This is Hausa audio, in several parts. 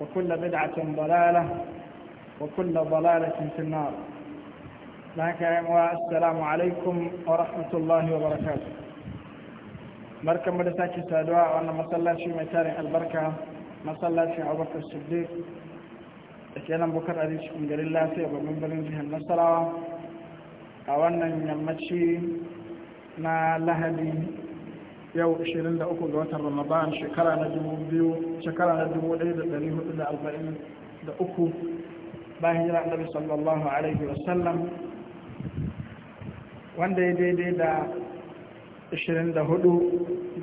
وكل بدعة ضلالة وكل ضلالة في النار السلام عليكم ورحمة الله وبركاته مركب مدساك سادواء وانا مسلاشي ميتاري البركة مسلاشي أبو بكر الصديق kenan bukar arziki cikin garin lafiya babban birnin jihar nasarawa a wannan yammaci na lahadi yau 23 ga watan ramadan shekara na 2000 shekara na 1443 bayan hijira annabi sallallahu alaihi wasallam wanda ya daidai da 24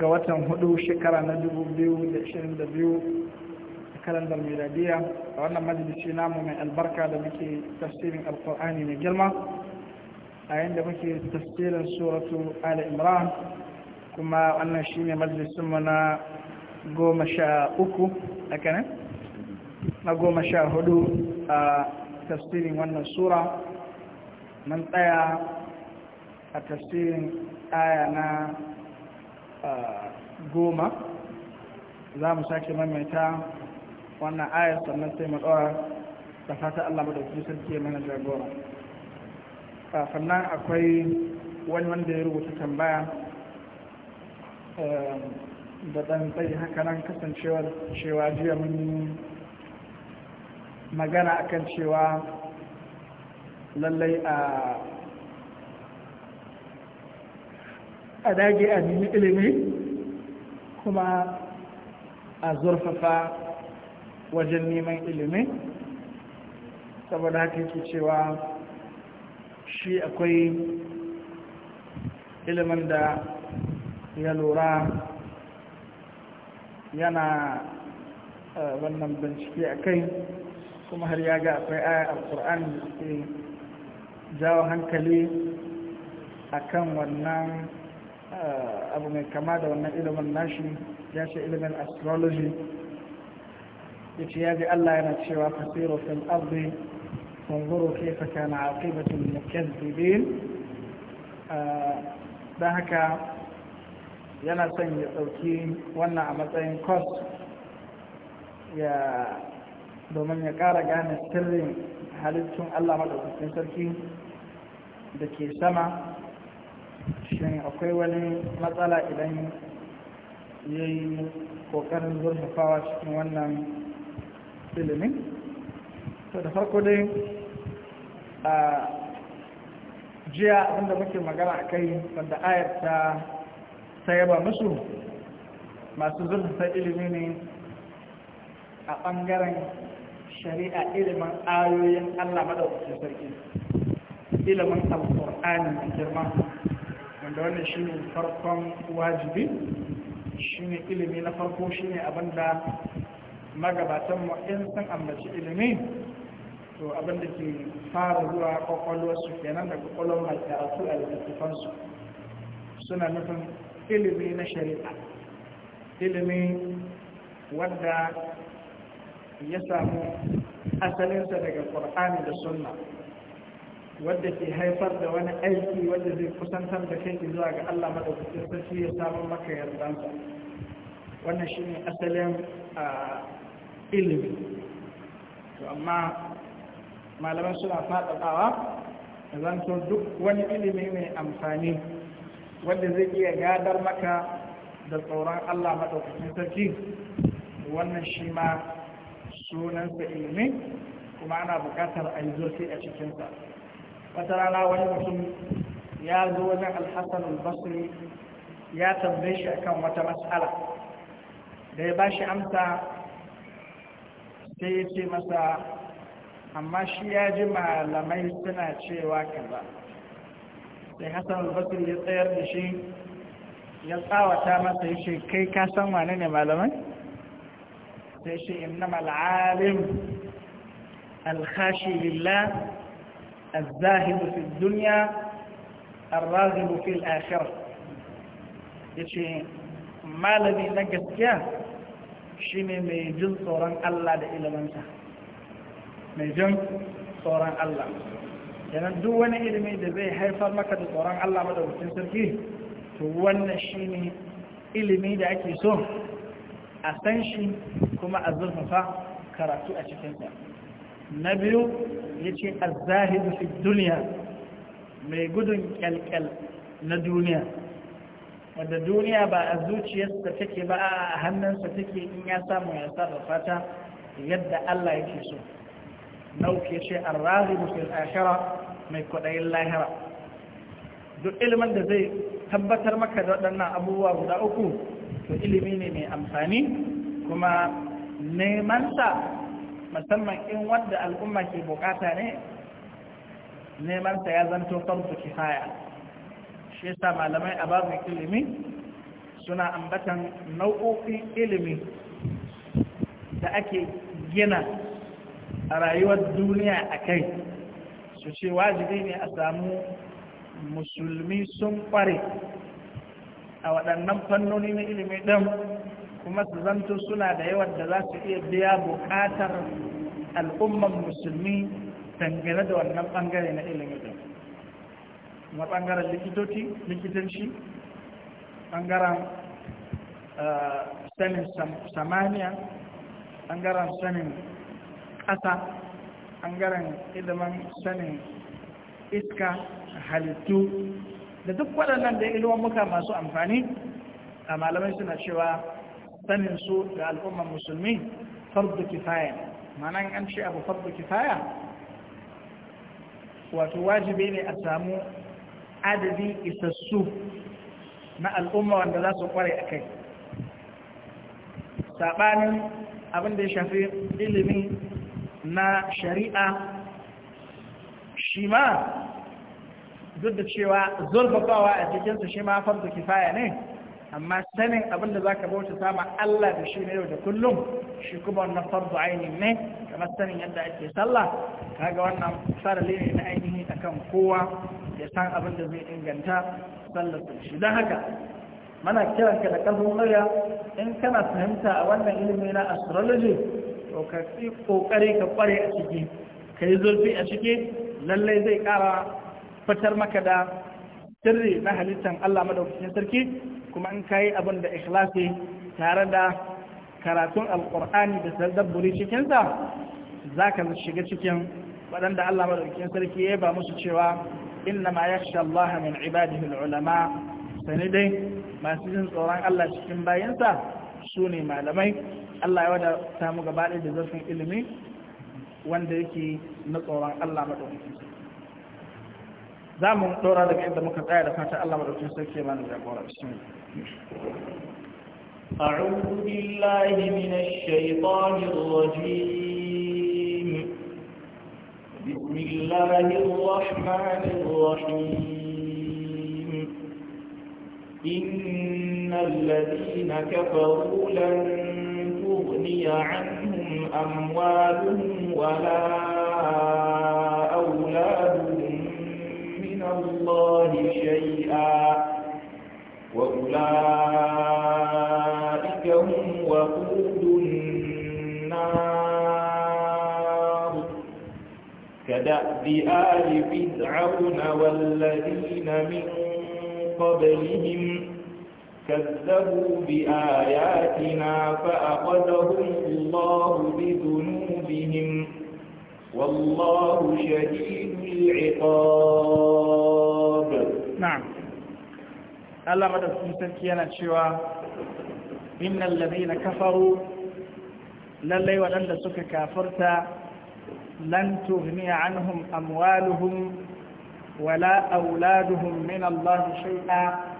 ga watan 4 shekara na 2022 kalandar miladiya a wannan majalisi namu mai albarka da muke tafsirin alkur'ani mai girma a yadda muke tafsirin suratu ala imran kuma wannan shi ne majalisunmu na goma sha uku a na goma sha hudu a tafsirin wannan sura mun tsaya a tafsirin aya na goma za mu sake maimaita wannan ayar sannan sai mu ɗora da fata Allah madaukakin sarki ya mana jagora sannan akwai wani wanda ya rubuta tambaya da eh, ɗan haka nan kasancewar cewa jiya mun magana akan cewa lallai a a dage a nemi ilimi kuma a zurfafa wajen neman ilimi saboda haka yake cewa shi akwai ilimin da ya lura yana eh, wannan bincike a kai kuma har ya ga akwai aya alkur'ani da ke jawo hankali a kan wannan eh, abu mai kama da wannan ilimin nashi ya ce ilimin astrology ya ce ya ji allah yana cewa fasiru fil ardi fanzuru kaifa kana aqibatul mukazzibin eh, dan haka yana son ya ɗauki wannan a matsayin kos ya domin ya ƙara gane sirrin halittun allah maɗaukakin sarki da ke sama shi akwai wani matsala idan ya yi ƙoƙarin zurfafawa cikin wannan ilimin to da farko dai a jiya abinda muke magana a kai wanda ayar ta yaba musu masu zurfafa ilimi ne a ɓangaren shari'a ilimin ayoyin Allah maɗaukacin sarki ilimin alƙur'ani da girma wanda wannan shi ne farkon wajibi shi ne ilimi na farko shi ne abinda magabatanmu in sun ambaci ilimi to abinda ke fara zuwa kwakwalwarsu kenan da kwakwalwar mai karatu a littattafansu suna nufin ilimi na shari'a ilimi wanda ya samu asalinsa daga ƙur'ani da sunna wadda ke haifar da wani aiki wadda zai kusantar da kai zuwa ga Allah madaukakin sarki ya samu maka yardansa wannan ne asalin ilimi to amma malaman suna faɗaɗawa zanto duk wani ilimi mai amfani wanda zai iya gadar maka da tsoron Allah maɗaukacin sarki wannan shi ma sunansa ilimin kuma ana buƙatar a yi zurfi a cikinsa wata rana wani mutum ya zo wajen alhassan albasri ya tambaye shi akan wata matsala da ya ba shi amsa sai ya ce masa amma shi ya ji malamai suna cewa kaza. ba da hassan albasir ya tsayar da shi ya tsawata masa ya kai kasan wane ne malamai sai shi inna mal'alim alhashi lilla azahibu fi duniya arrazibu fi al'ashir ya ce malami na gaskiya shine ne tsoron allah da ilimanta mai jin tsoron allah kenan duk wani ilimi da zai haifar maka da tsoron Allah madaukakin sarki to wannan shine ilimi da ake so a san shi kuma a zurfafa karatu a cikinsa na biyu ya ce azahidu fi duniya mai gudun kyalkyal na duniya wadda duniya ba a zuciyarsa take ba a hannunsa take in ya samu ya sarrafa ta yadda Allah yake so Nauke shi an razi musul ashara mai kwaɗayin lahira duk ilimin da zai tabbatar maka da waɗannan abubuwa guda uku to ilimi ne mai amfani kuma nemansa musamman in wanda al'umma ke bukata ne nemansa ya zanto farko kifaya shi yasa malamai a babin ilimi suna ambatan nau'o'in ilimi da ake gina a rayuwar duniya a kai su ce wajibi ne a samu musulmi sun kware a waɗannan fannoni na ilimi ɗin kuma su zanto suna da yawan da za su iya biya buƙatar al'umman musulmi dangane da wannan ɓangare na ilimi ɗin kuma ɓangaren likitoci likitanci ɓangaren eh, sanin samaniya ɓangaren sanin ƙasa ɓangaren ilimin sanin iska halittu da duk waɗannan da ilimin muka masu amfani a malamai suna cewa sanin su ga al'umman musulmi fardu kifaya manan an ce abu fardu kifaya wato wajibi ne a samu adadi isassu na al'umma wanda za su kware a kai saɓanin abin da ya shafi ilimi na shari'a shi ma duk da cewa zurfafawa a cikinsa shi ma farko kifaya ne amma sanin abin da za ka bauta sama Allah da shi ne yau da kullum shi kuma wannan farko ainihin ne kamar sanin yadda ake sallah kaga wannan sarari ne na ainihi akan kowa ya san abin da zai inganta sallar shi don haka mana kiranka da karfin murya in kana fahimta a wannan ilimi na astrology to ka fi kokari ka kware a ciki ka yi zurfi a ciki lallai zai kara fitar maka da sirri na halittar Allah madaukakin sarki kuma in ka yi abin da ikhlasi tare da karatun Alƙur'ani da tadabburi cikinsa za zaka shiga cikin waɗanda Allah madaukakin sarki ya ba musu cewa inna ma yakhsha Allah min ibadihi ulama sani dai masu jin tsoron Allah cikin bayansa su ne malamai Allah ya wada samu gaba da zarfin ilimi wanda yake na tsoron Allah maɗaukakin za mu ɗora daga inda muka tsaya da fata Allah maɗaukakin sarki ya bani jagora أعوذ بسم الله الرحمن الرحيم إن الذين كفروا لن تغني عنهم أموالهم ولا أولادهم من الله شيئا وأولئك هم وقود النار كدأب آل فرعون والذين من قبلهم كذبوا بآياتنا فأخذهم الله بذنوبهم والله شديد العقاب نعم الله قد أسمتك يا نتشوى إن الذين كفروا للي ولن سك كافرت لن تغني عنهم أموالهم ولا أولادهم من الله شيئا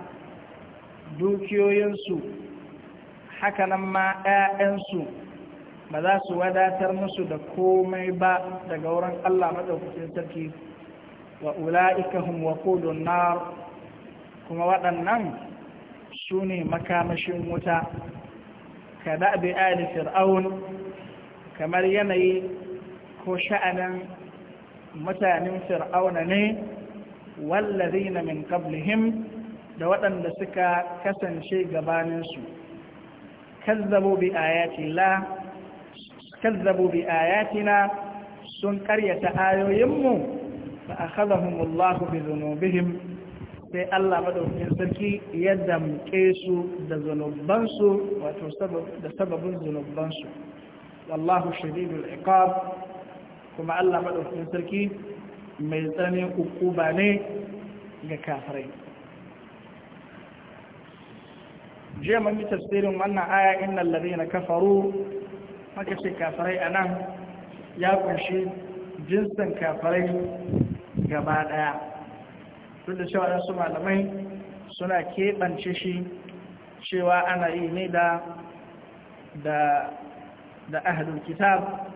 dukiyoyinsu hakanan ma 'ya'yansu ba za su wadatar musu da komai ba daga wurin Allah maɗaukacin sarki wa ula'ikahum wa kudun nar kuma waɗannan su ne makamashin wuta ka daɓe ali fir'aun kamar yanayi ko sha'anin mutanen fir'auna ne wallazina min qablihim da waɗanda suka kasance gabaninsu kazzabu bi ayatina sun karyata ayoyinmu fa akhadhahumullahu bi dhunubihim sai Allah madaukakin sarki ya damke su da zunubansu wato da sababin zunubansu wallahu shadidul iqab kuma Allah madaukakin sarki mai tsanin hukuma ne ga kafirai je mun yi tasirin wannan aya innal ladina kafaru maka ce kafarai anan ya kunshi jinsin kafarai gaba daya duk da cewa su malamai suna keɓance shi cewa ana yi ne da da da ahlul kitab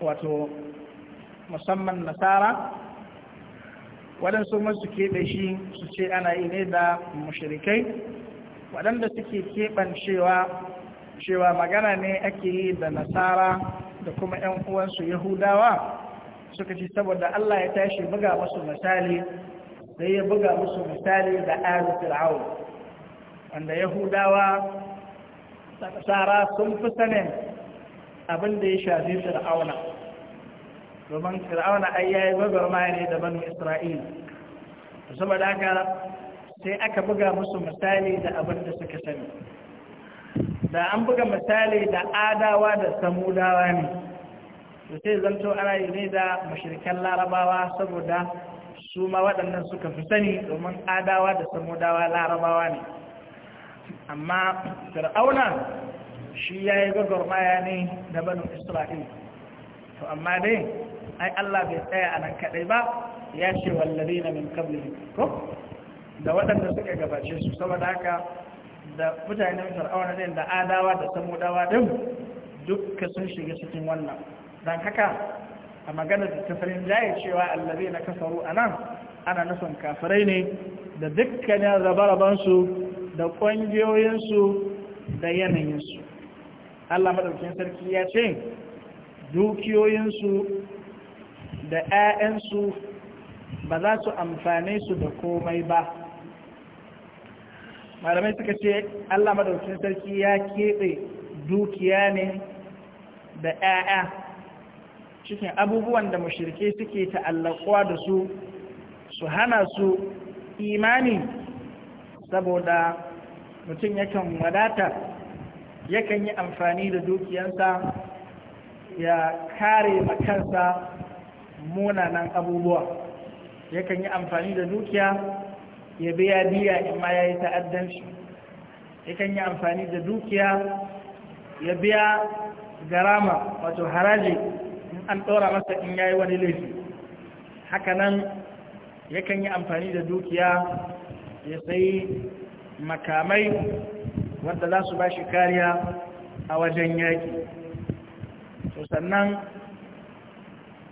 wato musamman nasara waɗansu masu keɓe shi su ce ana yi ne da mushirikai. waɗanda suke keɓan cewa magana ne ake yi da nasara da kuma 'yan uwansu yahudawa suka ce saboda Allah ya tashi buga musu misali sai ya buga musu misali da ari fir'aun wanda yahudawa nasara sun fi sanin abin da ya shafi fir'auna domin fir'auna ai yayi gwagwarmaya ne da banu isra'ila saboda haka sai aka buga musu misali da abin da suka sani da an buga misali da adawa da samudawa ne da sai zanto ana yi ne da mashirikan larabawa saboda su ma waɗannan suka fi sani domin adawa da samudawa larabawa ne amma fir'auna shi ya yi gwagwarmaya ne da banin isra'il to amma dai ai allah bai tsaya a nan kaɗai ba ya ce wallari na min kabli ko da waɗanda suka gabace su saboda haka da mutanen fir'auna ɗin da adawa da samudawa din dukka sun shiga cikin wannan Don haka a maganar da tafarin jaye cewa allazi na kafaru nan ana nufin kafirai ne da dukkanin rabarabansu da ƙungiyoyinsu da yanayinsu Allah maɗaukin sarki ya ce dukiyoyinsu da 'ya'yansu ba za su amfane su da komai ba malamai suka ce Allah madaukin sarki ya keɓe dukiya ne da ‘ya'ya cikin abubuwan da mashirke suke ta'allakuwa da su su hana su imani saboda mutum yakan wadata yakan yi amfani da dukiyansa ya kare makansa munanan abubuwa yakan yi amfani da dukiya ya biya diya in ma ya yi ta'addanci yakan yi amfani da dukiya ya biya garama wato haraji in an ɗora masa in ya yi wani laifi haka hakanan yakan yi amfani da dukiya ya sayi makamai wanda za su ba shi kariya a wajen yaƙi to sannan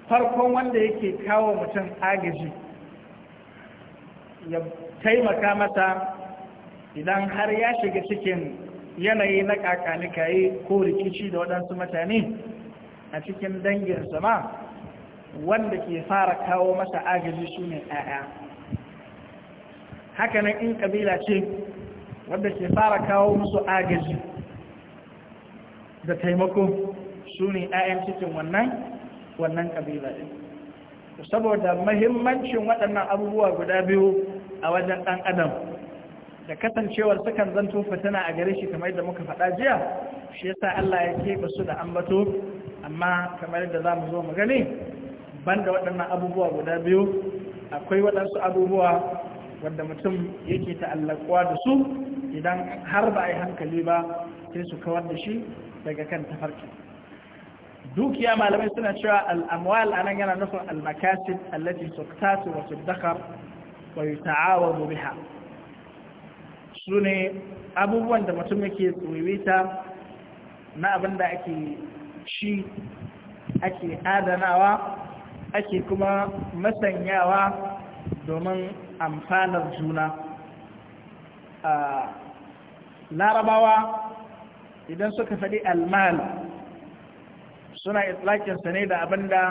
farkon wanda yake kawo mutum agaji taimaka mata idan har ya shiga cikin yanayi na kakanikaye ko rikici da waɗansu mutane a cikin dangin zama, wanda ke fara kawo masa agaji su ne ɗaya. hakanan in ƙabila ce wanda ke fara kawo musu agaji da taimako su ne ‘ya'yan cikin wannan wannan ƙabila ɗin saboda mahimmancin waɗannan abubuwa guda biyu a wajen ɗan adam da kasancewar sukan zanto fitina a gare shi kamar yadda muka faɗa jiya shi yasa Allah ya keɓe su da ambato amma kamar yadda za mu zo mu gani banda waɗannan abubuwa guda biyu akwai waɗansu abubuwa wanda mutum yake ta'allakuwa da su idan har ba a yi hankali ba sai su kawar da shi daga kan tafarki dukiya malamai suna cewa al'amwal anan yana nufin al-makasib allati suktatu wa suddakar wa yuta'awadu biha sune abubuwan da mutum yake tsuwiwita na abin da ake shi ake adanawa ake kuma masanyawa domin amfanar juna larabawa idan suka faɗi almal suna itlakinsa ne da abinda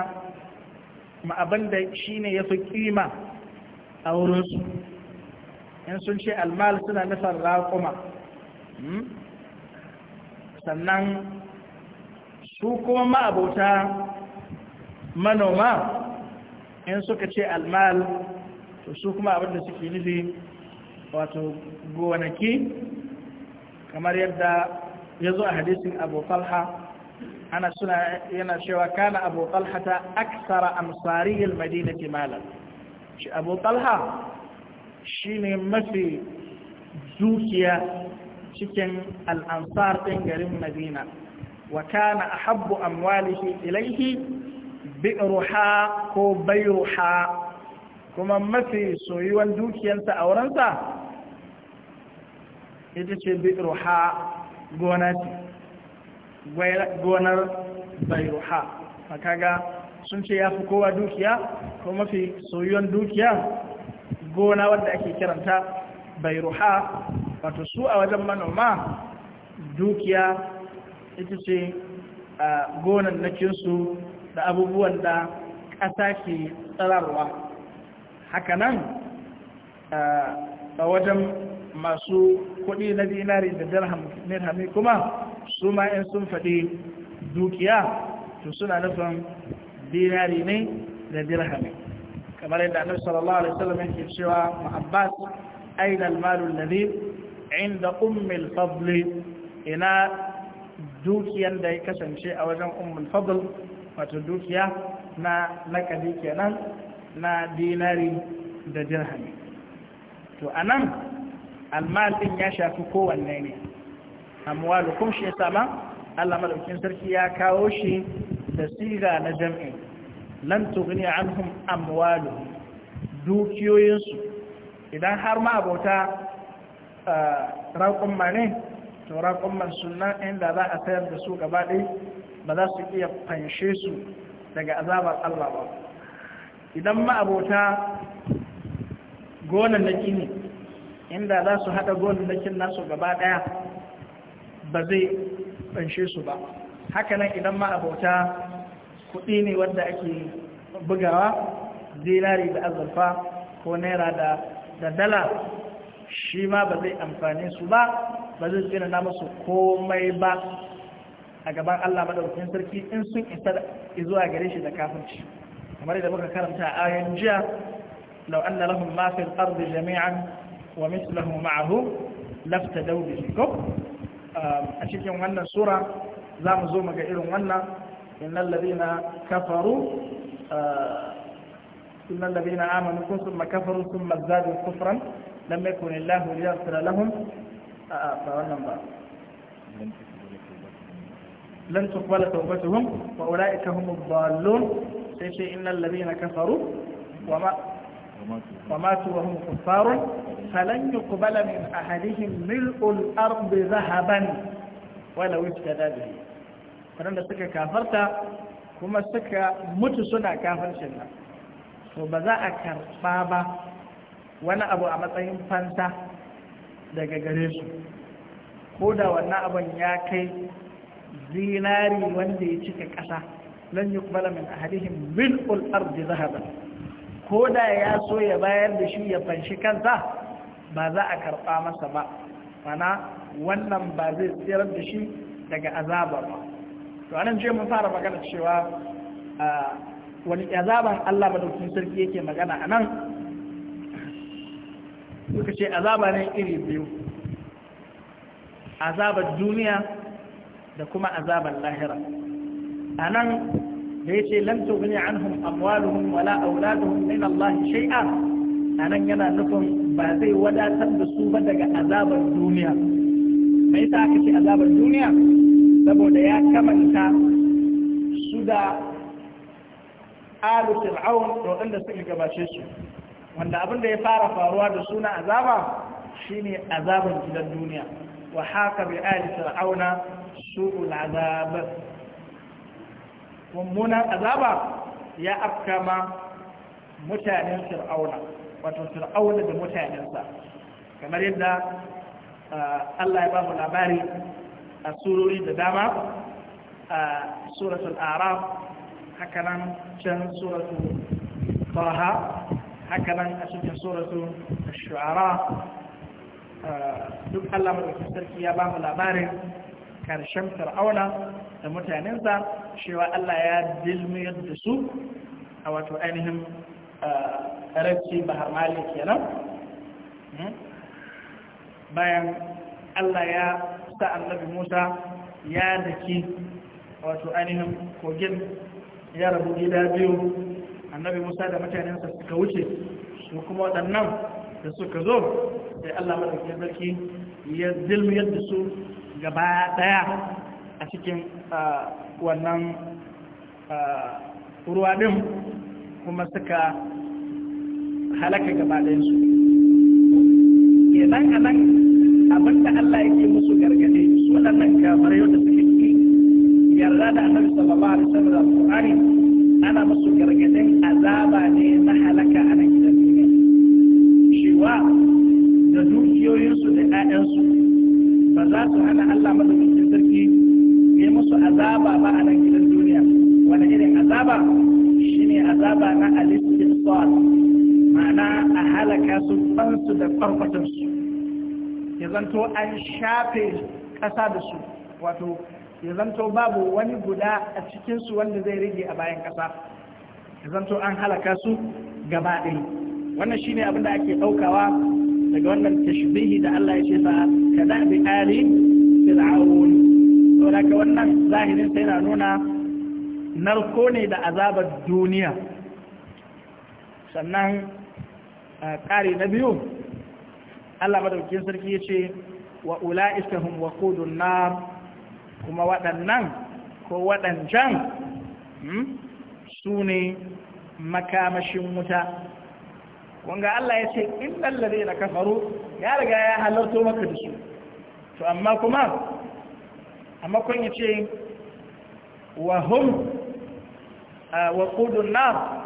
abinda shi ne ya fi ƙima a in sun ce almal suna nufin raƙuma hmm? sannan su kuma ma'abauta manoma in suka ce almal to su kuma abinda suke nufi wato gonaki kamar yadda ya zo a hadisin abu falha ana suna yana cewa kana abu falha ta aksara amsariyar madinati malam shi abu talha shi ne mafi dukiya cikin al'ansar ɗin garin madina wa na a habbu amwalihi ilaihi bi'ruha ko bayruha kuma mafi soyuwan dukiyarsa a wurinsa ita ce bi'ruha gonar bayruha makaga sun ce ya fi kowa dukiya ko mafi soyuwan dukiya gona wadda ake kiranta bai ruha wato su a wajen manoma dukiya ita ce a gonan nakinsu da abubuwan da ƙasa ke tsararwa hakanan a wajen masu kuɗi na dinari da dirhami kuma su ma sun faɗi dukiya to suna nufin dinari ne da dirhami kamar yadda annabi sallallahu alaihi wasallam yake cewa ma Abbas aina al-malu alladhi inda ummi ina dukiyan da ya kasance a wajen ummi al wato dukiya na nakali kenan na dinari da dirhami to anan al-mal din ya shafi kowanne ne amwalukum shi sama Allah madaukin sarki ya kawo shi da siga na jam'i lan tughni anhum amwaluhum dukiyoyinsu idan har ma abota eh, raƙumma ne to raƙumman suna inda za a sayar da su gaba ɗai ba za su iya fanshe su daga azabar Allah ba idan ma abota gonannaki ne inda za su haɗa gonannakin nasu gaba ɗaya ba zai fanshe su ba hakanan idan ma abota kuɗi ne wanda ake bugawa zinari da azurfa ko naira da dala shi ma ba zai su ba ba zai tsina na musu komai ba a gaban Allah madaukakin sarki in sun isa zuwa gare shi da ci. kamar da muka karanta a ayoyin jiya law anna lahum ma fil ardi jami'an wa mithluhu ma'ahu laftadaw bihi ko a cikin wannan sura za mu zo mu ga irin wannan إن الذين كفروا آه، إن الذين آمنوا ثم كفروا ثم ازدادوا كفرا لم يكن الله ليغفر لهم آه، آه، لن تقبل توبتهم وأولئك هم الضالون شيء إن الذين كفروا وما وماتوا وهم كفار فلن يقبل من أحدهم ملء الأرض ذهبا ولو افتدى به waɗanda suka kafarta kuma suka mutu suna kafarcin nan to ba za a karɓa ba wani abu a matsayin fansa daga gare su ko da wannan abin ya kai zinari wanda ya cika ƙasa lan yuqbala min ahadihim mil'ul ardi zahaban ko da ya so ya bayar da shi ya fanshi kansa ba za a karɓa masa ba mana wannan ba zai tsirar da shi daga azaba ba to anan je mun fara magana cewa wani azaban Allah madaukakin sarki yake magana anan suka ce azaba ne iri biyu azabar duniya da kuma azabar lahira anan da yace lam tughni anhum amwaluhum wala auladuhum min Allah A anan yana nufin ba zai wadatar da su ba daga azabar duniya mai ta aka ce azabar duniya saboda ya kamanta su da alu fir'aun da waɗanda suka gabace su wanda abin da ya fara faruwa da suna azaba shine azaban gidan duniya wa haka bi ali fir'auna su'ul azab mummunan azaba ya afkama mutanen fir'auna wato fir'auna da mutanensa kamar yadda uh, Allah ya ba mu labari a surori da dama a suratul araf hakanan can suratul taha hakanan a cikin suratul shu'ara duk Allah madaukakin sarki ya ba mu labarin karshen fir'auna da mutanensa cewa Allah ya dilmiyar da su a wato ainihin rarci bahar mali kenan hmm? bayan Allah ya ta annabi musa ya daki wato ainihin kogin ya rabu gida biyu annabi musa da mutanensa suka wuce su kuma waɗannan da suka zo sai allah maɗauki sarki ya zilmiyar da su gaba ɗaya a cikin wannan ruwa ɗin kuma suka halaka gaba ɗayansu a abinda Allah yake musu gargaɗe, su waɗannan kafirai wanda suke ci yarda da annabi sallallahu alaihi wasallam da Qur'ani ana musu gargaɗen azaba ne na halaka a nan gidan duniya cewa da dukiyoyinsu da ƴaƴansu ba za su hana Allah madaukakin sarki ya musu azaba ba a nan gidan duniya wani irin azaba shine azaba na alistisal ma'ana a halaka su fansu da farfatansu ya zanto an shafe ƙasa da su wato ya zanto babu wani guda a cikinsu wanda zai rage a bayan ƙasa ya zanto an halaka su gaba ɗaya wannan shine abin da ake ɗaukawa daga wannan tashbihi da Allah ya ce ka da bi ali fir'aun to daga wannan zahirin sai na nuna narko ne da azabar duniya sannan ƙari na biyu Allah madaukakin sarki ya ce wa ula'ika hum waqudun nar kuma waɗannan ko waɗancan hmm, su ne makamashin wuta wanga Allah ya ce illal ladina kafaru ya riga ya halarto maka da su to amma kuma amma kun yace wa hum ah, wa qudun nar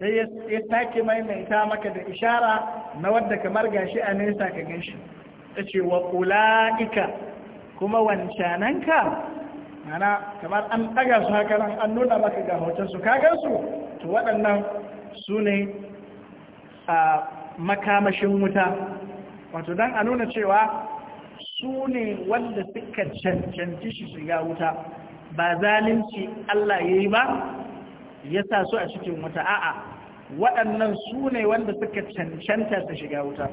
sai ya take maimaita maka da ishara na wadda kamar gashi a nesa ka ganshi ta ce wa ula'ika kuma wancananka mana kamar an ɗaga su haka nan an nuna maka ga hotonsu ka gansu to waɗannan su ne a makamashin wuta wato don a nuna cewa su ne wanda suka cancanci shi shiga wuta ba zalunci Allah ya yi ba ya sa su a cikin wuta a'a waɗannan su ne wanda suka cancanta su shiga wuta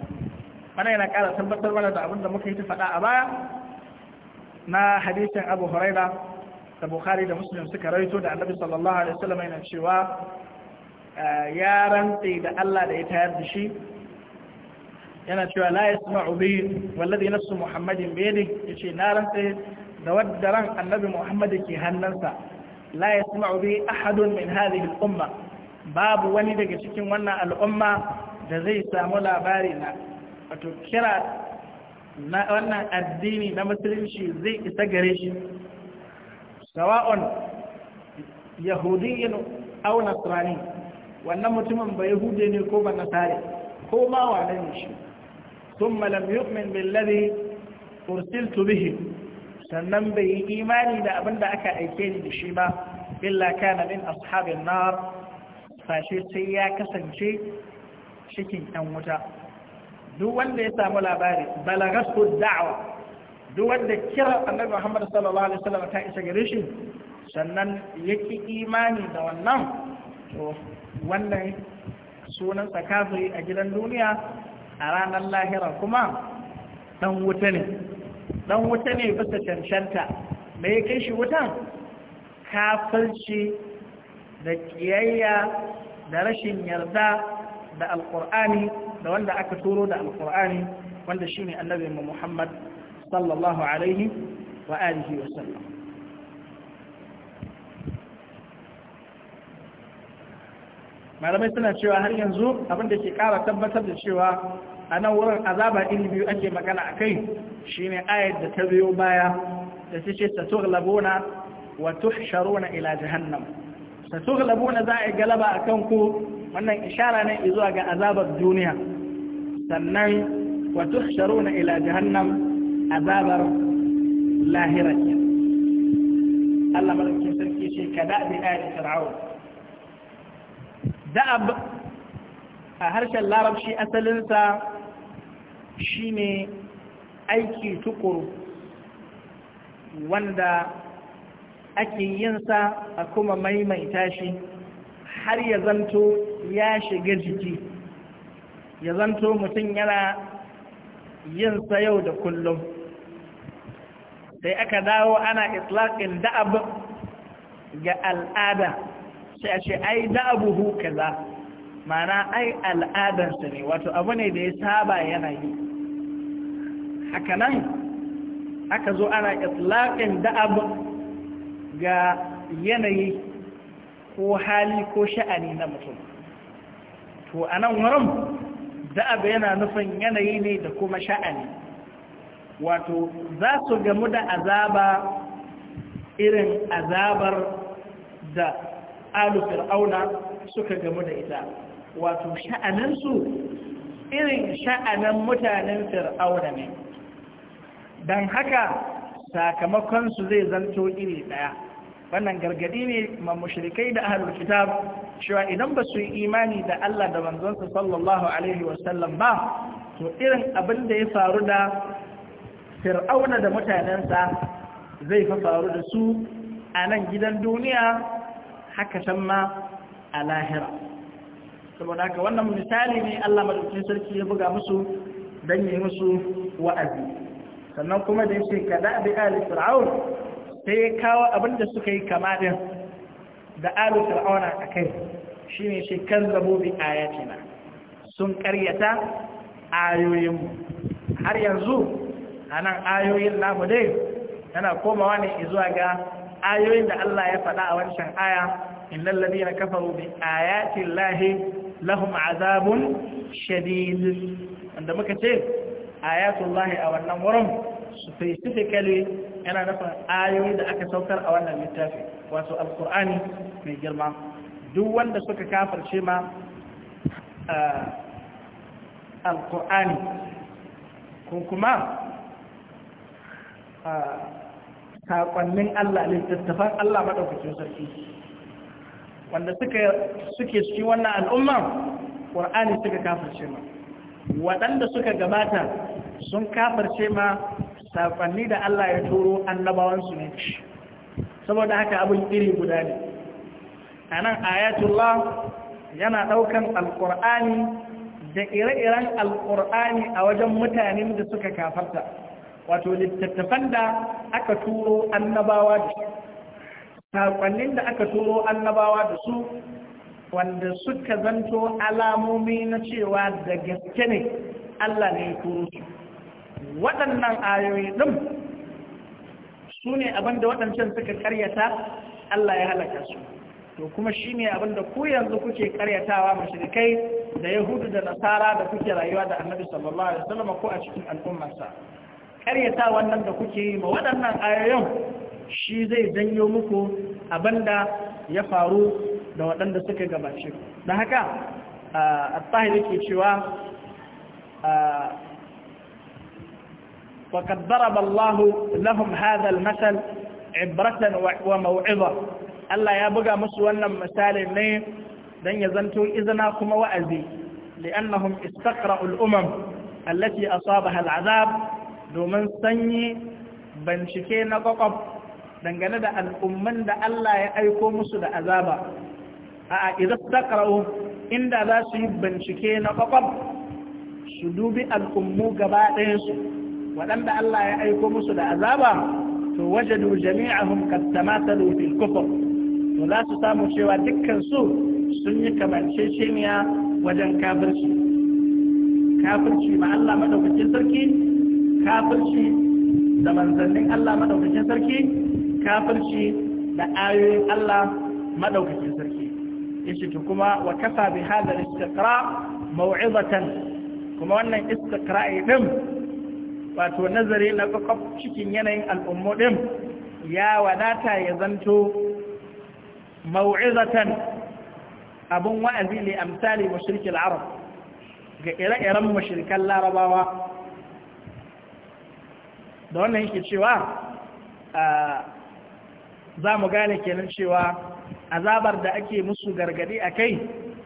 wannan yana ƙara tabbatar mana da abin da muka yi ta faɗa a baya na hadisin abu huraira da bukhari da muslim suka raito da annabi sallallahu alaihi wasallam yana cewa eh, ya rantse da Allah da ya tayar da shi yana cewa la yasma'u bi wallazi nafsu muhammadin bi yadihi yace na da wadda ran annabi muhammad ke hannunsa la yasma'u bi ahadun min hadhihi al-umma babu wani daga cikin wannan al'umma da zai samu labari na wato kira na wannan addini na musulunci zai isa gare shi sawa'on yahudiyin au nasrani wannan mutumin ba yahude ne ko ba na nasare ko ma wane ne shi thumma lam yu'min billadhi ursiltu bihi sannan bai yi imani da abin da aka aike ni da shi ba illa kana min ashabin nar fashe sai ya kasance cikin ɗan wuta duk wanda ya samu labari balagastu da'awa duk wanda kira annabi Muhammad sallallahu alaihi wasallam ta isa gare shi sannan yaki imani da wannan to wannan sunan sa kafiri a gidan duniya a ranar lahira kuma ɗan wuta ne ɗan wuta ne bisa cancanta me ya kai shi wutan kafirci da ƙiyayya da rashin yarda da alƙur'ani da wanda aka turo da alkur'ani wanda shi ne annabinmu muhammad sallallahu alaihi wa alihi wa sallam malamai suna cewa har yanzu abinda ke ƙara tabbatar da cewa a nan wurin azaba iri biyu ake magana a kai shi ne ayat da ta biyo baya da ta ce ta tughlabuna wa na ila jahannam ta tughlabuna za a yi galaba a kan ku wannan ishara ne zuwa ga azabar duniya sannan wa na ila jahannam azabar lahira Allah malakin sarki ce ka fir'aun da'ab a harshen larabci asalinsa shine aiki tukuru wanda ake yinsa a kuma maimaita shi har ya zanto ya shiga jiki ya zanto mutum yana yinsa yau da kullum sai aka dawo ana islaƙin da'ab ga al'ada sai a ce ai da'abuhu kaza mana ai al'adarsa ne wato abu ne da ya saba yana yi hakanan aka zo ana itlaqin da'ab ga yanayi ko hali ko sha'ani na mutum to a nan wurin da'aba yana nufin yanayi ne da kuma sha'ani wato za su gamu da azaba irin azabar da alu fir'auna suka gamu da ita wato sha'aninsu irin sha'anin mutanen fir'auna ne don haka Sakamakon su zai zanto iri ɗaya wannan gargadi ne ma mushrikai da ahlul kitab cewa idan ba su yi imani da Allah da manzonsa sallallahu alaihi wasallam ba to irin abin da ya faru da fir'auna da mutanensa zai fa faru da su a nan gidan duniya haka can ma a lahira saboda haka wannan misali ne Allah madaukakin sarki ya buga musu dan yi musu wa'azi sannan kuma da yake kada bi ali fir'aun sai ya kawo abin da suka yi kama din da ali fir'aun a shine shi kan zabo bi ayatina sun karyata ayoyin har yanzu anan ayoyin namu dai yana komawa ne zuwa ga ayoyin da Allah ya faɗa a wancan aya innal ladina kafaru bi ayati llahi lahum azabun shadid wanda muka ce ayatullahi a wannan wurin specifically yana nufin ayoyi da aka saukar a wannan littafi wato alkur'ani mai girma duk wanda suka kafarce ma alkur'ani ko kuma saƙonnin Allah littattafan Allah maɗaukacin sarki wanda suke suke cikin wannan al'umma ƙur'ani suka kafarce ma waɗanda suka gabata sun kafarce ma safanni da Allah ya turo annabawansu ne saboda haka abin iri guda ne a nan ayatullah yana ɗaukan alƙur'ani da ire-iren alƙur'ani a wajen mutanen da suka kafarta wato littattafan da aka turo annabawa da su saƙonnin da aka turo annabawa da su wanda suka zanto alamomi na cewa da gaske ne Allah ne ya su waɗannan ayoyi ɗin su ne abinda waɗancan suka karyata Allah ya halaka su to kuma shi ne abinda ku yanzu kuke karyatawa mashirikai da yahudu da nasara da kuke rayuwa da annabi sallallahu alaihi wasallam ko a cikin al'ummarsa karyata wannan da kuke yi ma waɗannan ayoyin shi zai janyo muku abinda ya faru da waɗanda suka gabace da haka a tsahiri ke cewa وقد ضرب الله hadal هذا المثل wa وموعظة Allah ya buga musu wannan misalin ne dan ya zanto izina kuma wa'azi li'annahum istaqra'ul umam allati asabaha al'azab domin sanyi bincike na kwakwab dangane da al'umman da Allah ya aiko musu da azaba a idan takarau inda za su yi bincike na kwakwam su dubi al'ummu gaba ɗayansu waɗanda Allah ya aiko musu da azaba to wajadu jami'ahum kad ta fil kufr to za su samu cewa dukkansu sun yi kamanceceniya wajen kafirci kafirci ma Allah madaukakin sarki kafirci da manzannin Allah madaukakin sarki kafirci da ayoyin Allah madaukakin sarki yace to kuma wa kafa bi hada al-istiqra maw'izatan kuma wannan istiqra'i din wato nazari na kakaf cikin yanayin al'ummu din ya wadata ya zanto maw'izatan abun wa'azi li amsali mushriki al-arab ga ire-iren mushrikan larabawa da wannan yake cewa ah, za mu gane kenan cewa azabar da ake musu gargadi a kai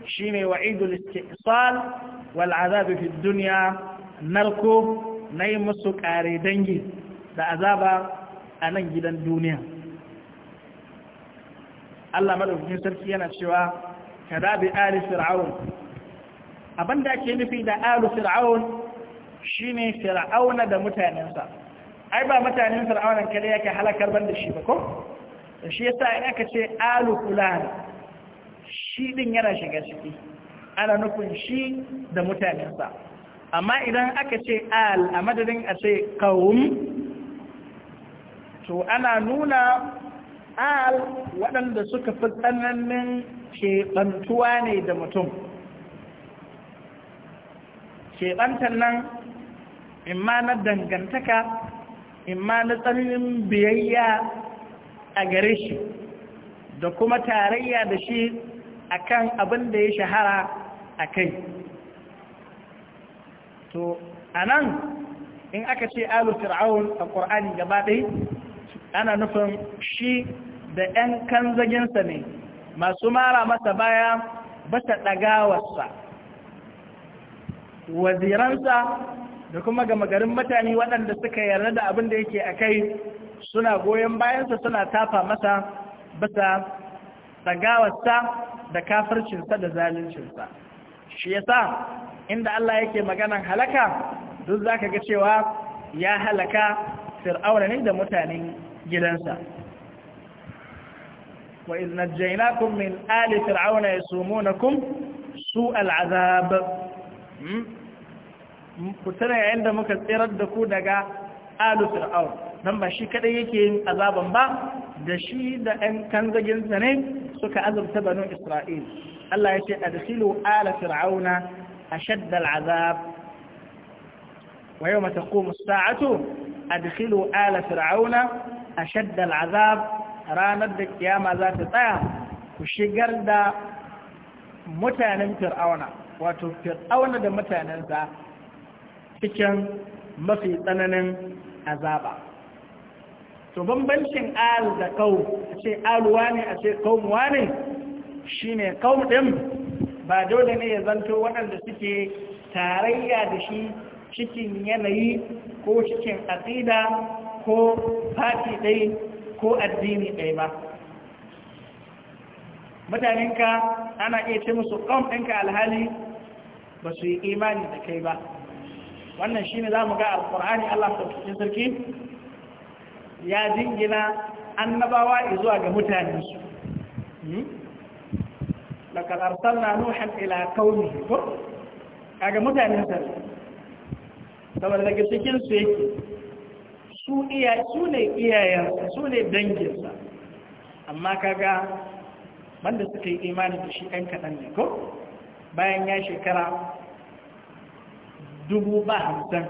shi ne idul istiqsal wal azabi fi duniya narko na yi musu ƙare dangi da azaba a nan gidan duniya Allah madaukakin sarki yana cewa ka bi ali fir'aun abinda ake nufi da ali fir'aun shine fir'auna da mutanensa ai ba mutanen fir'aunan kare yake halakar ban da shi ba ko shi yasa in aka ce alu shi din yana shiga ciki ana nufin shi da mutanensa amma idan aka ce al a madadin a ce kawun to ana nuna al waɗanda suka fi tsananin keɓantuwa ne da mutum keɓantar nan imma na dangantaka imma na tsananin biyayya a gare shi da kuma tarayya da shi a kan abin da ya shahara a kai to a nan in aka ce alu fir'aun a ƙur'ani gaba ɗai ana nufin shi da 'yan kanzaginsa ne masu mara masa baya ba bata ɗagawarsa waziransa da kuma gama garin mutane waɗanda suka yarda da abin da yake a kai suna goyon bayansa suna tafa masa bisa tsagawarsa da kafircinsa da zaluncinsa shi yasa inda Allah yake maganan halaka duk zaka ga cewa ya halaka fir'auna ne da mutanen gidansa wa jaina najaynakum min ali fir'auna yasumunakum su'al azab hmm? ku tana yayin da muka tsirar da ku daga alu fir'aun nan ba shi kadai yake yin azaban ba da shi da ɗan kanzaginsa sa ne suka azabta banu isra'il Allah ya ce adkhilu ala fir'auna ashadda al'azab wa yawma taqumu as-sa'atu adkhilu ala fir'auna ashadda al'azab ranar da kiyama za ta tsaya ku shigar da mutanen fir'auna wato fir'auna da mutanensa cikin mafi tsananin azaba to bambancin al da a ce alwa ne a ce qaumwa ne shine kaum din ba dole ne ya zanto waɗanda suke tarayya da shi cikin yanayi ko cikin aqida ko fati ɗaya ko addini ɗaya ba mutanenka ana iya ce musu ƙon ɗinka alhali ba su yi imani da kai ba wannan shi ne za mu ga alkur'ani allah ɗaukacin sarki ya jingina annabawa zuwa ga mutane su Da hmm? lakar na nuhan ila kauni ko ga mutanen sa saboda daga cikin su yake su iya su ne iyayensa su ne danginsa amma kaga wanda suka yi imani da shi ɗan kaɗan ne ko bayan ya shekara dubu ba hamsin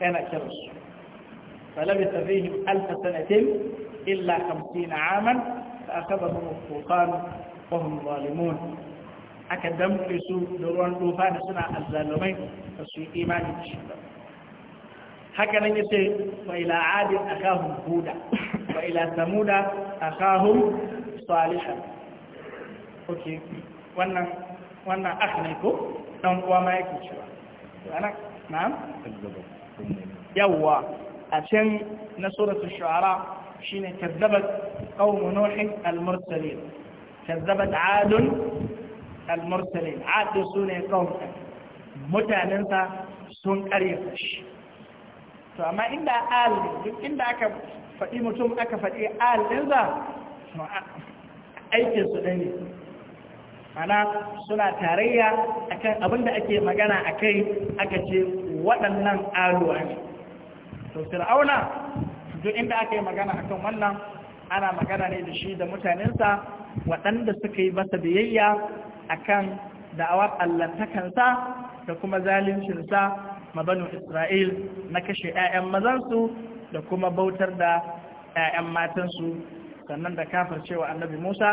yana kiransu falabi tafihim alfa sanatin illa hamsin aman ta aka ba mu kokanu wahun zalimun aka damfe su da ruwan dofa da suna azzalumai da su imanin shi haka nan yace wa ila adin akahum huda wa ila samuda akahum salihan okay wannan wannan akhne ko dan uwa ma yake cewa na'am yawwa a can na suratul shu'ara shine kazzabat qaum nuh al-mursalin kazzabat 'ad al-mursalin 'ad sune qaum mutanen sa sun karyata shi to amma inda al duk inda aka faɗi mutum aka faɗi al din za aikin su ne ana suna tarayya akan abinda ake magana akai kai aka ce waɗannan aluwa ne to fir'auna duk inda aka yi magana akan wannan ana magana ne da shi da mutanensa waɗanda suka yi masa biyayya akan da'awar allantakansa da kuma zaluncinsa mabanu isra'il na kashe 'ya'yan mazansu da kuma bautar da 'ya'yan matansu sannan da kafar cewa annabi musa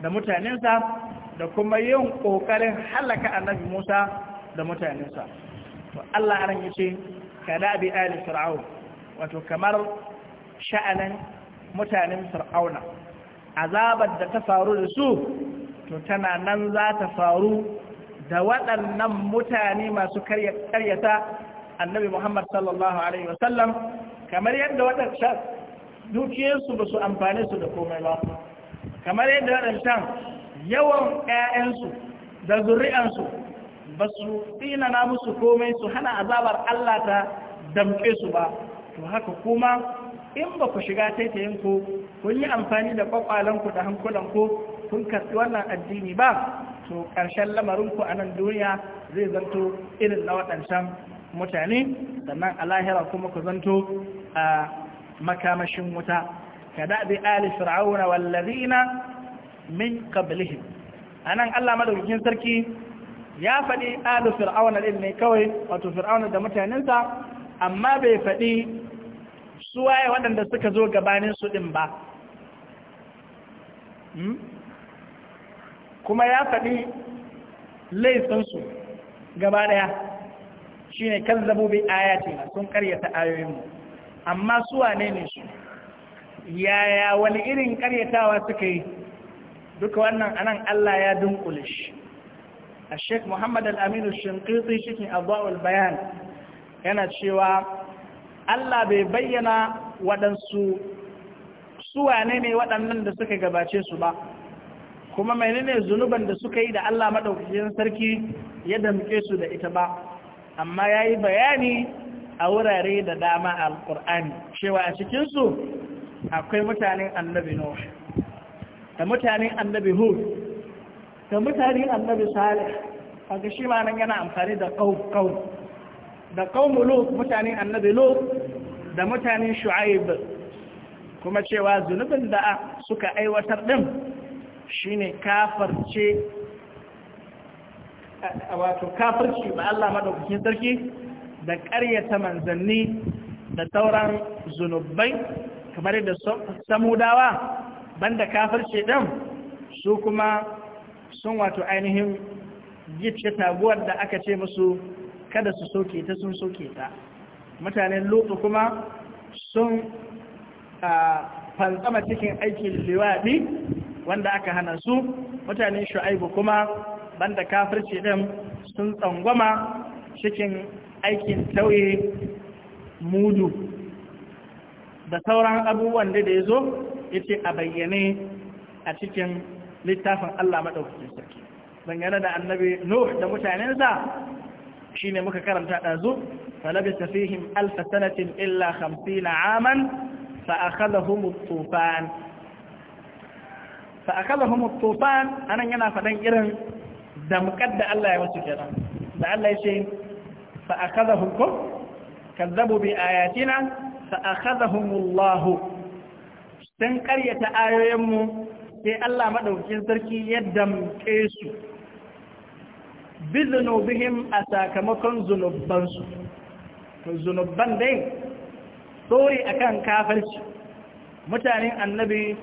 da mutanensa da kuma yin ƙoƙarin halaka annabi Musa da mutanensa. To Allah aran ya ce, kada bi ali fir'aun wato kamar sha'anin mutanen fir'auna azabar da ta faru da su to tana nan za ta faru da waɗannan mutane masu karyata annabi Muhammad sallallahu alaihi wasallam kamar yadda waɗancan dukiyarsu ba su amfani su da komai ba kamar yadda waɗancan yawan ƴaƴansu da zuri'ansu ba su na musu komai su hana azabar Allah ta damke su ba to haka kuma in ba ku shiga taitayinku kun yi amfani da ƙwaƙwalanku da hankulanku kun karɓi wannan addini ba to ƙarshen lamarinku a nan duniya zai zanto irin na waɗancan mutane sannan a lahira kuma ku zanto a makamashin wuta kadabi ali fir'auna wal ladina min qablihim anan allah madaukin sarki ya fadi ali fir'auna din ne kai wato fir'auna da mutanen sa amma bai faɗi su waye wanda suka zo gabanin din ba kuma ya faɗi laifinsu gaba daya shine kazzabu bi ayatina sun qaryata ayoyin mu amma su wane ne shi yaya wani irin karyatawa suka yi duka wannan anan Allah ya dunkule shi a sheik muhammad al'aminu shinkirti cikin abuwa'ul bayan yana cewa Allah bai bayyana waɗansu wane ne waɗannan da suka gabace su ba kuma menene zunuban da suka yi da Allah maɗaukacin sarki ya damke su da ita ba amma ya yi bayani a wurare da dama a alƙur'ani cewa a cikinsu akwai mutanen annabi nuh da mutanen annabi hud da mutanen annabi salih kaga shi ma nan yana amfani da qaum qaum da qaumu lut mutanen annabi lut da mutanen shu'aib kuma cewa zunubin da suka aiwatar din shine kafirce wato kafirci ba Allah madaukakin sarki da ƙaryata manzanni da sauran zunubai kamar yadda samudawa banda kafirce ɗan su kuma sun wato ainihin gicce taguwar da aka ce musu kada su soke ta sun soke ta mutanen kuma sun fantsama cikin aikin liwaɗi wanda aka hana su mutanen shu'aibu kuma banda kafirce ɗan sun tsangwama cikin aikin tauye mudu da sauran abubuwan da da ya zo ya a bayyane a cikin littafin Allah maɗaukacin sarki dangane da annabi nuh da mutanensa shine muka karanta ɗazu falabi tafihim alfa sanatin illa hamsi na aman fa'akalahumu tufan fa'akalahumu tufan anan yana faɗan irin damkar da Allah ya wasu kenan da Allah ya ce fa'akalahun ko kazzabu bi ayatina fa'akazahumullahu sun karyata ayoyinmu sai Allah maɗaukin sarki ya damƙe su bi zunubihim a sakamakon zunubansu Zunubban dai tsori akan kafarci mutanen annabi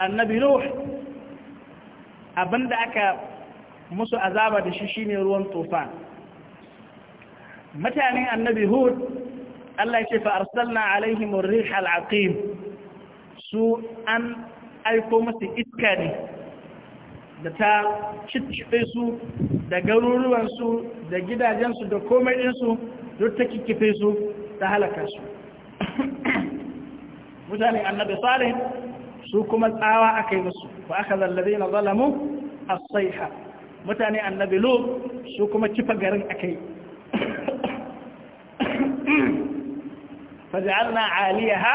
annabi nuh abinda aka musu azaba da shi shine ruwan tufan mutanen annabi hud Allah ya ce fa arsalna alaihim rih al su an aiko musu iska ne da ta ciccibe su da garuruwan su da gidajen su da komai su duk ta kikkife su ta halaka su Mutane annabi salih su kuma tsawa akai musu fa akhadha alladhina zalamu as-sayha mutane annabi lu su kuma kifa garin akai faj'alna 'aliyaha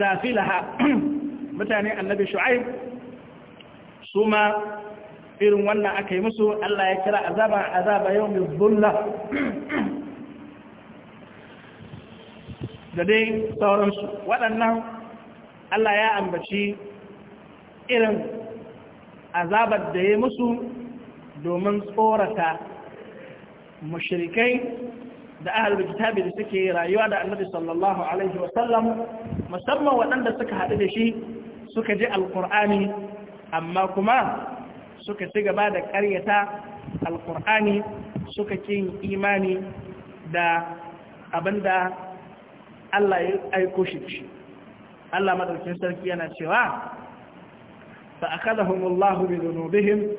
safilaha mutane annabi shu'aib suma irin wannan aka yi musu Allah ya kira azaba azaba mai dhulla da dai sauransu waɗannan Allah ya ambaci irin azabar da ya musu domin tsorata mushrikai da ahalul kitabi da suke rayuwa da annabi sallallahu alaihi wa sallam musamman waɗanda suka haɗu da shi suka ji alqur'ani amma kuma suka ci gaba da ƙaryata alqur'ani suka kin imani da abinda Allah ya aiko shi shi Allah madaukakin sarki yana cewa fa akhadahumullahu bi dhunubihim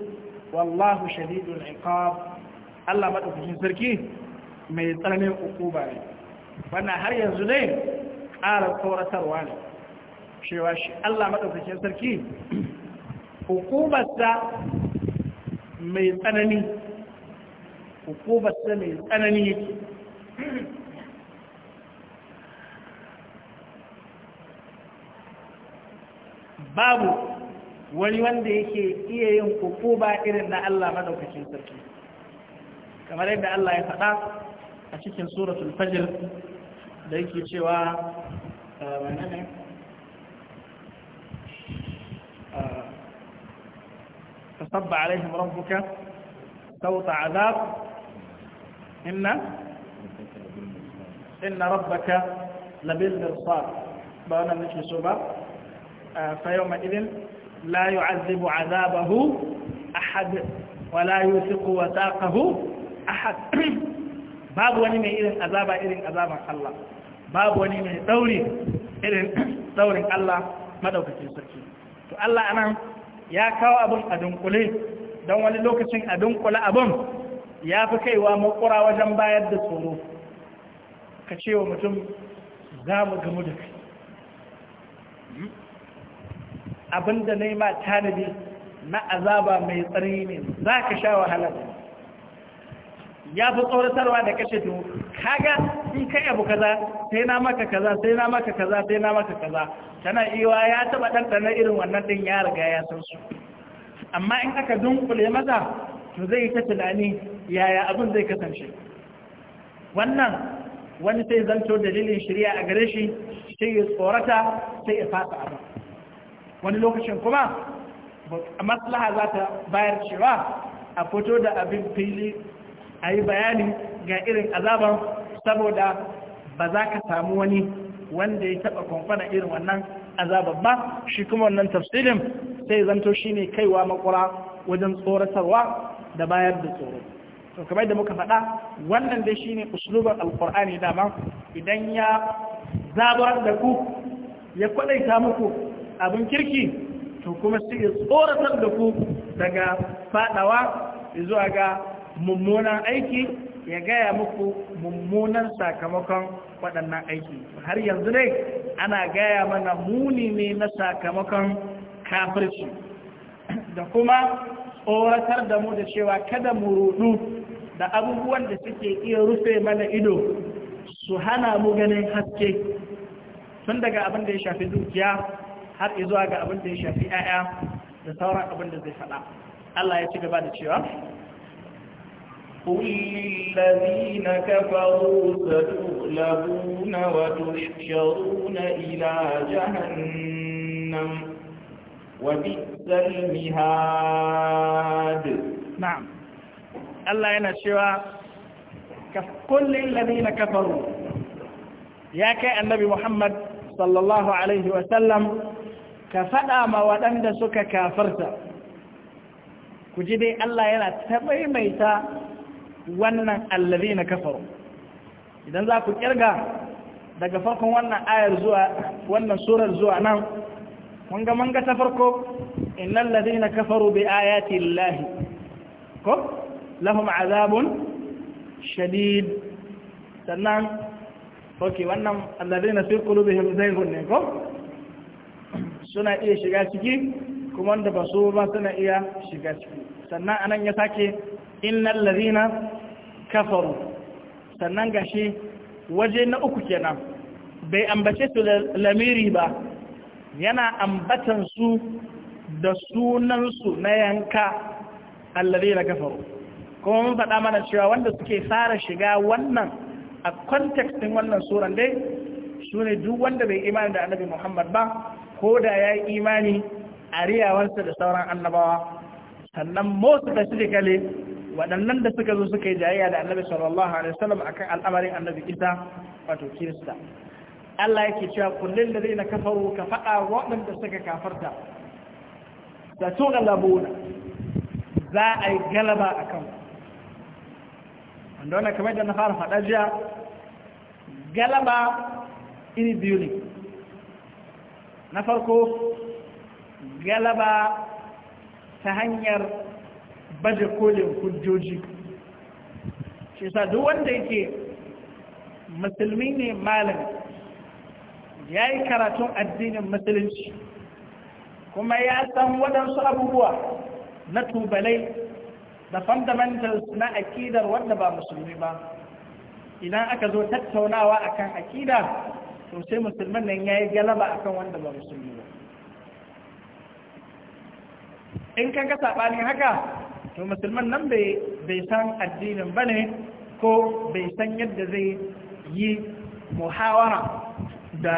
wallahu shadidul iqab Allah madaukakin sarki mai tsananin ukuba ne wannan har yanzu ne ƙara tsoratarwa ne cewa shi Allah maɗaukakin sarki hukubarsa mai tsanani hukubarsa mai tsanani yake babu wani wanda yake iya yin hukuba irin na Allah maɗaukakin sarki kamar yadda Allah ya faɗa a cikin suratul fajr da yake cewa uh, wannan فصب عليهم ربك سوط عذاب إن إن ربك لبالمرصاد بأنا نشي سبا فيومئذ لا يعذب عذابه أحد ولا يوثق وثاقه أحد babu wani mai irin azaba irin azaban Allah babu wani mai dauri irin daurin Allah madaukakin sarki to Allah anan ya kawo abun a dunkule don wani lokacin a dunkule abun ya fi kaiwa makura wajen bayar da tsoro ka ce wa mutum za mu gamu da kai hmm? abinda na yi ma tanadi na azaba mai tsari ne za ka sha wahalar ya fi tsoratarwa da kashe tuhu kaga in kai abu kaza sai na maka kaza sai na maka kaza sai na maka kaza tana iya ya taba ɗanɗana irin wannan ɗin ya riga ya san su amma in aka dunkule maza to zai yi ta tunani yaya abin zai kasance wannan wani sai zanto dalilin shirya a gare shi sai ya tsorata sai ya fasa abin wani lokacin kuma maslaha za ta bayar cewa a fito da abin fili a yi bayani ga irin azaban saboda ba za ka samu wani wanda ya taɓa kwamfana irin wannan azaban ba shi kuma wannan tafsirin sai zanto shi ne kaiwa makura wajen tsoratarwa da bayar da tsoro to kamar da muka faɗa wannan dai shi ne usulubar alƙur'ani dama idan ya zabar da ku ya kwadaita muku abin kirki to kuma sai ya tsoratar da ku daga faɗawa zuwa ga mummunan aiki ya gaya muku mummunan sakamakon waɗannan aiki har yanzu dai ana gaya mana muni ne na sakamakon kafirci da kuma tsoratar da mu da cewa kada mu rudu da abubuwan da suke iya rufe mana ido su hana mu ganin haske tun daga abin da ya shafi dukiya har izuwa ga abin da ya shafi 'ya'ya da sauran abin da zai faɗa Allah ya ci gaba da cewa قل للذين كفروا ستغلبون وتحشرون إلى جهنم وبئس المهاد نعم الله شوى قل للذين كفروا يا كي النبي محمد صلى الله عليه وسلم كفأ ما ودندسك سك كافرت كجدي الله يلا تبي ميتا wannan allazi na kafaru idan za ku kirga daga farkon wannan ayar zuwa wannan surar zuwa nan mun ga manga ta farko innal ladina kafaru bi ayati llahi ko lahum azabun shadid sannan okay wannan alladina fi qulubihim zaygun ne ko suna iya shiga ciki kuma wanda ba su ba suna iya shiga ciki sannan anan ya sake innal ladhina kafaru sannan gashi waje na uku kenan bai ambace su lamiri ba yana ambatan su da sunansu na yanka alladhina kafaru kuma mun faɗa mana cewa wanda suke fara shiga wannan a kontekstin wannan tsoron dai su ne duk wanda bai imani da annabi Muhammad ba ko da ya yi imani a riyawarsa da sauran annabawa sannan da specifically waɗannan da suka zo suka yi jayayya da annabi sallallahu alaihi wasallam akan al'amarin annabi isa wato kirista Allah yake cewa kullun da zai na kafaru ka faɗa waɗanda suka kafarta da to galabuna za a yi galaba a kan wanda wannan kamar da na fara faɗa jiya galaba iri biyu ne na farko galaba ta hanyar baje kolin hujjoji shi sa duk wanda yake musulmi ne malami ya yi karatun addinin musulunci kuma ya san waɗansu abubuwa na tubalai da fundamentals na akidar wanda ba musulmi ba idan aka zo tattaunawa akan akida to sai musulman nan ya yi galaba akan wanda ba musulmi ba in kan ka saɓanin haka to musulman nan bai san addinin ba ne ko bai san yadda zai yi muhawara da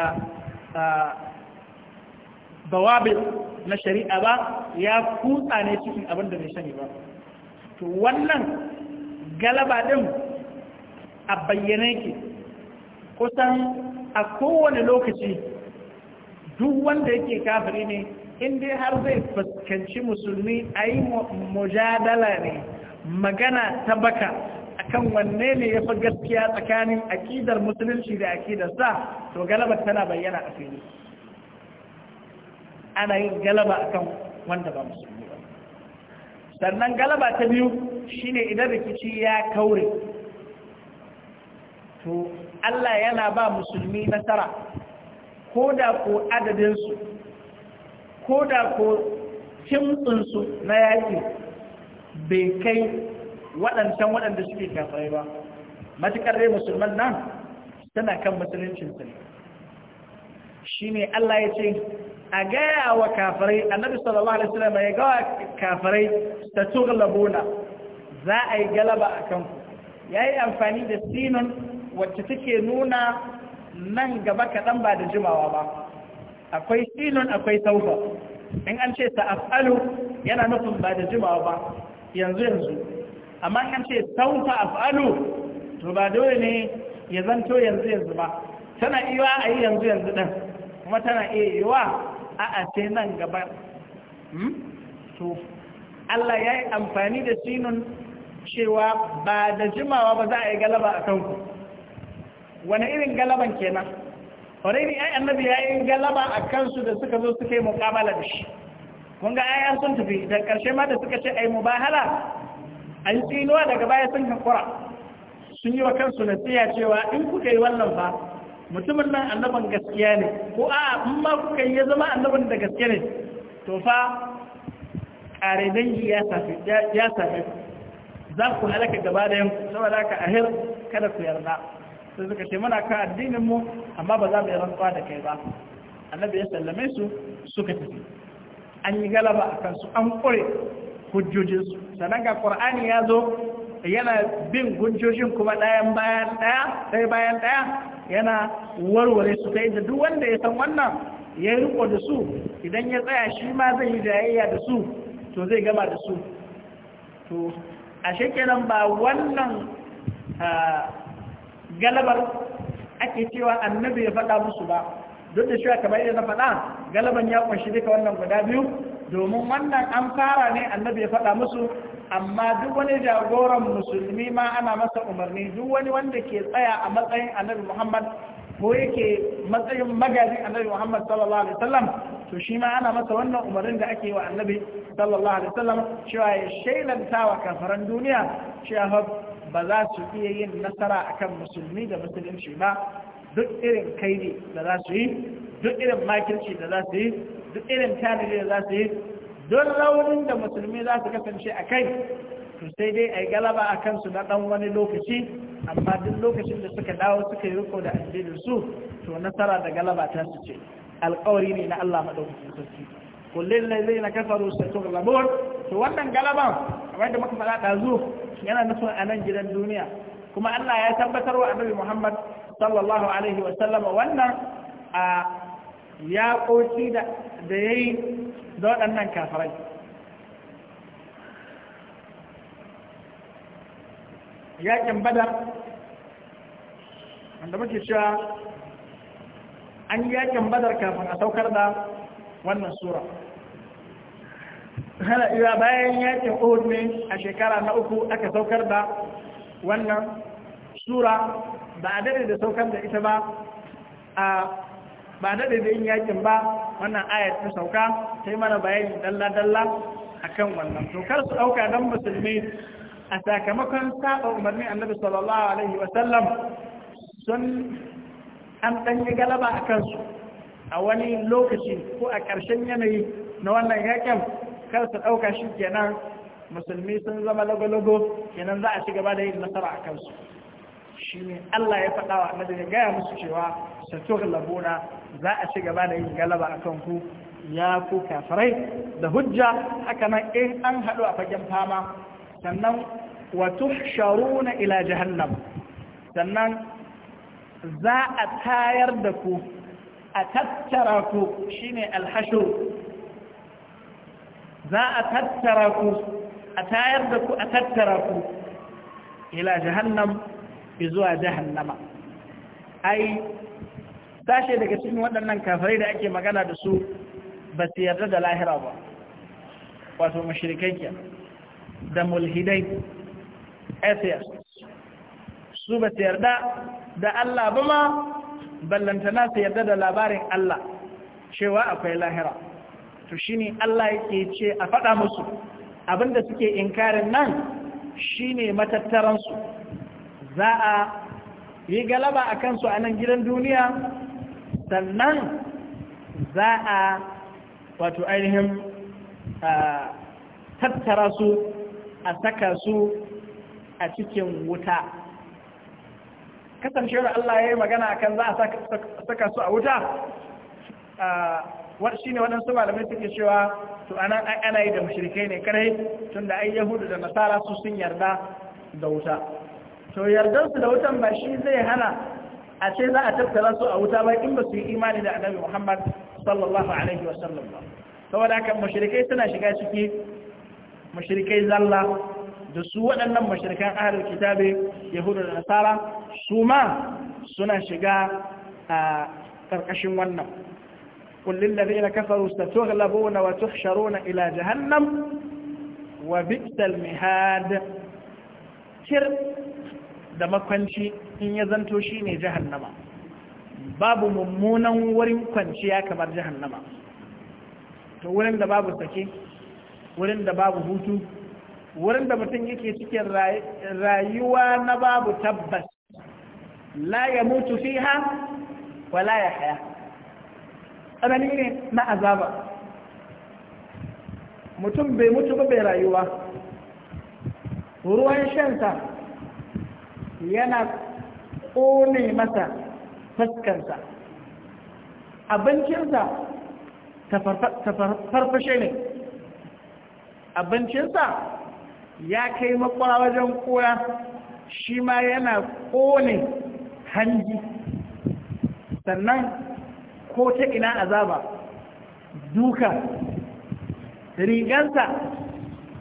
bawabi na shari'a ba ya kutsa ne cikin abin da bai sani ba to wannan galaba din a bayyane ke kusan a kowane lokaci duk wanda yake kafiri ne in dai har zai fuskanci musulmi a yi mujadala ne magana ta baka akan wanne ne ya fi gaskiya tsakanin akidar musulunci da akidar sa to galaba tana bayyana a fili ana yin galaba akan wanda ba musulmi ba sannan galaba ta biyu shine idan rikici ya kaure to Allah yana ba musulmi nasara ko da ko adadinsu ko da ko kimtsinsu na yaƙi bai kai waɗancan waɗanda suke kafirai ba matuƙar dai musulman nan suna kan musuluncinsu ne shi ne Allah ya ce a gaya wa kafirai annabi sallallahu alaihi wasallam ya gawa kafarai ta tughlabuna za a yi galaba a kanku yayi amfani da sinun wacce take nuna nan gaba kaɗan ba da jimawa ba akwai sinon akwai tauba in an ce sa'afalu yana nufin ba da jimawa ba yanzu yanzu amma in an ce tauba afalu to ba dole ne ya zanto yanzu yanzu ba tana iya a yi yanzu yanzu ɗin kuma tana iya wa a a sai nan gaba hmm? to Allah ya yi amfani da sinon cewa ba da jimawa ba za a yi galaba a kanku wani irin galaban kenan ne ai nabi ya yi galaba a kansu da suka zo suka yi mukamala da shi kun ga ai sun tafi da ƙarshe ma da suka ce ai mubahala an tsinuwa daga baya sun hankura sun yi wa kansu na nasiya cewa in kuka yi wannan fa mutumin nan annaban gaskiya ne ko a in ma kuka yi ya zama annaban da gaske ne to fa ƙare dangi ya safe za ku halaka gaba da yanku saboda ka ahir kada ku yarda sai suka ce muna kan addinin mu amma ba za mu yi rantsuwa da kai ba annabi ya sallame su suka tafi an yi galaba a kansu an kure hujjojinsu sannan ga ƙur'ani ya zo yana bin hujjojin kuma ɗayan bayan ɗaya ɗaya bayan ɗaya yana warware su ta da duk wanda ya san wannan ya riko da su idan ya tsaya shi ma zai yi jayayya da su to zai gama da su to a kenan ba wannan ah, galabar ake cewa annabi ya faɗa musu ba duk da cewa kamar yadda na faɗa galaban ya kunshi duka wannan guda biyu domin wannan an fara ne annabi ya faɗa musu amma duk wani jagoran musulmi ma ana masa umarni duk wani wanda ke tsaya a matsayin annabi muhammad ko yake matsayin magajin annabi muhammad sallallahu alaihi wasallam to shi ma ana masa wannan umarnin da ake wa annabi sallallahu alaihi wasallam cewa ya shailanta wa kafaran duniya cewa ba za su iya yin nasara akan musulmi da musulunci ba duk irin kaidi da za su yi duk irin makirci da za su yi duk irin tanadi da za su yi don raunin da musulmi za su kasance a kai to sai dai a yi galaba a kansu na ɗan wani lokaci amma duk lokacin da suka dawo suka yi riko da addinin su to nasara da galaba ta su ce alkawari ne na Allah maɗaukakin sarki kullum zai na kafaru sai to galabon to wannan galaban kamar da muka faɗa ɗazu yana nufin a nan gidan duniya kuma Allah ya tabbatar wa annabi Muhammad sallallahu alaihi wa sallam wannan a ya koci da da yayi da waɗannan kafirai yakin bada wanda muke cewa an yakin badar kafin a saukar da wannan sura hana iya bayan yakin uhud ne a shekara na uku aka saukar da wannan sura ba a daɗe da saukar da ita ba a ba a daɗe da yin yakin ba wannan ayat ta sauka ta yi mana bayani dalla-dalla a kan wannan tokar su ɗauka don musulmi a sakamakon saba umarni annabi sallallahu alaihi wasallam sun an ɗanyi galaba a kansu a wani lokaci ko a ƙarshen yanayi na wannan yakin kar ɗauka shi kenan musulmi sun zama lagolago kenan za a ci gaba da yin nasara a kansu shi ne Allah ya faɗa wa annabi ya gaya musu cewa satur labuna za a ci gaba da yin galaba a kanku ya ku kafirai da hujja haka nan in an haɗu a fagen fama sannan wa tuhsharuna ila jahannam sannan za a tayar da ku a tattara ku shine alhashu za a tattara ku a tayar da ku a tattara ku ila jahannam zuwa jahannama ai sashe daga cikin waɗannan kafirai da ake magana da su ba su yarda da lahira ba wato mashirikai ke da mulhidai atheist su ba su yarda da Allah ba ma ballantana su yarda da labarin Allah cewa akwai lahira to shine Allah yake ce a faɗa musu abinda suke inkarin nan shine matattaransu za a yi galaba a kansu a nan gidan duniya sannan za a wato ainihin tattara su a saka su a cikin wuta kasancewar Allah ya yi magana kan za a saka su a wuta shi ne waɗansu malamai suke cewa to ana ana yi da mashirikai ne kare tun da ai yahudu da nasara su sun yarda da wuta to yardansu da wutan ba shi zai hana a ce za a tattara su a wuta ba in ba su yi imani da annabi muhammad sallallahu alaihi wa sallam ba saboda haka mashirikai suna shiga ciki mashirikai zalla da su waɗannan mashirkan ahalar kitabe yahudu da nasara su ma suna shiga a ƙarƙashin wannan kullum da zai na kafaru su ta na na ila jahannam wa biksal mihad kir da makwanci in ya zanto shi ne jahannama babu mummunan wurin kwanciya kamar jahannama to wurin da babu sake wurin da babu hutu wurin da mutum yake cikin rayuwa na babu tabbas la ya mutu fiha wa la ya haya tsanani ne na azaba mutum bai mutu ba bai rayuwa ruwan shansa yana ƙone masa fuskansa abincinsa ta farfashe ne abincinsa ya kai makwara wajen kora shi ma yana kone hanji sannan ko ta ina azaba duka rigansa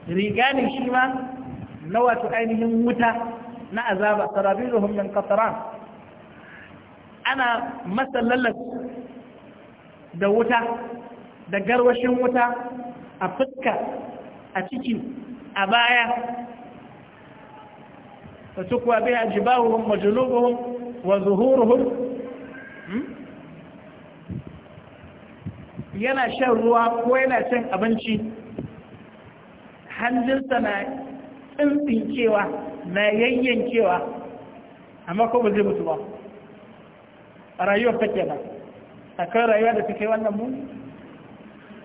riga ne shi ma na wato ainihin wuta na azaba da min qatran ana masa da wuta da garwashin wuta a fuska a ciki a baya fa tukwa biha jibahuhum wa julubuhum wa zuhuruhum hmm? yana shan ruwa ko yana cin abinci hanjinsa na tsintsinkewa na yayyankewa amma ko ba zai mutu ba rayuwar ta kenan akwai rayuwa da ta kai wannan mu.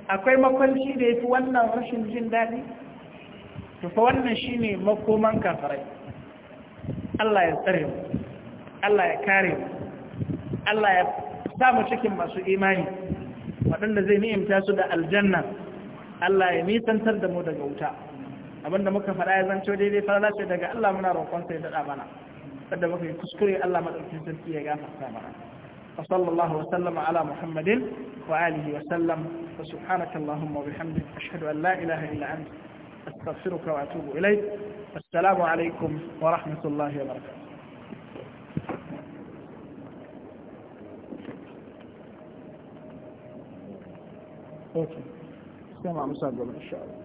akwai makwanci da ya fi wannan rashin jin daɗi tufa wannan shi ne makoman kafarai Allah ya tsare Allah ya kare Allah ya samu cikin masu imani waɗanda zai ni'imta su da aljanna Allah ya nisantar da mu daga wuta abinda muka faɗa ya zanto daidai farala ce daga Allah muna roƙon sai da mana sadda muka yi kuskure Allah madaukakin sarki ya gafarta mana wa sallallahu wa sallama ala muhammadin wa alihi wa sallam wa subhanaka allahumma wa bihamdika ashhadu an la ilaha illa anta أستغفرك وأتوب إليك السلام عليكم ورحمة الله وبركاته اوكي سمع مساعدة ان شاء الله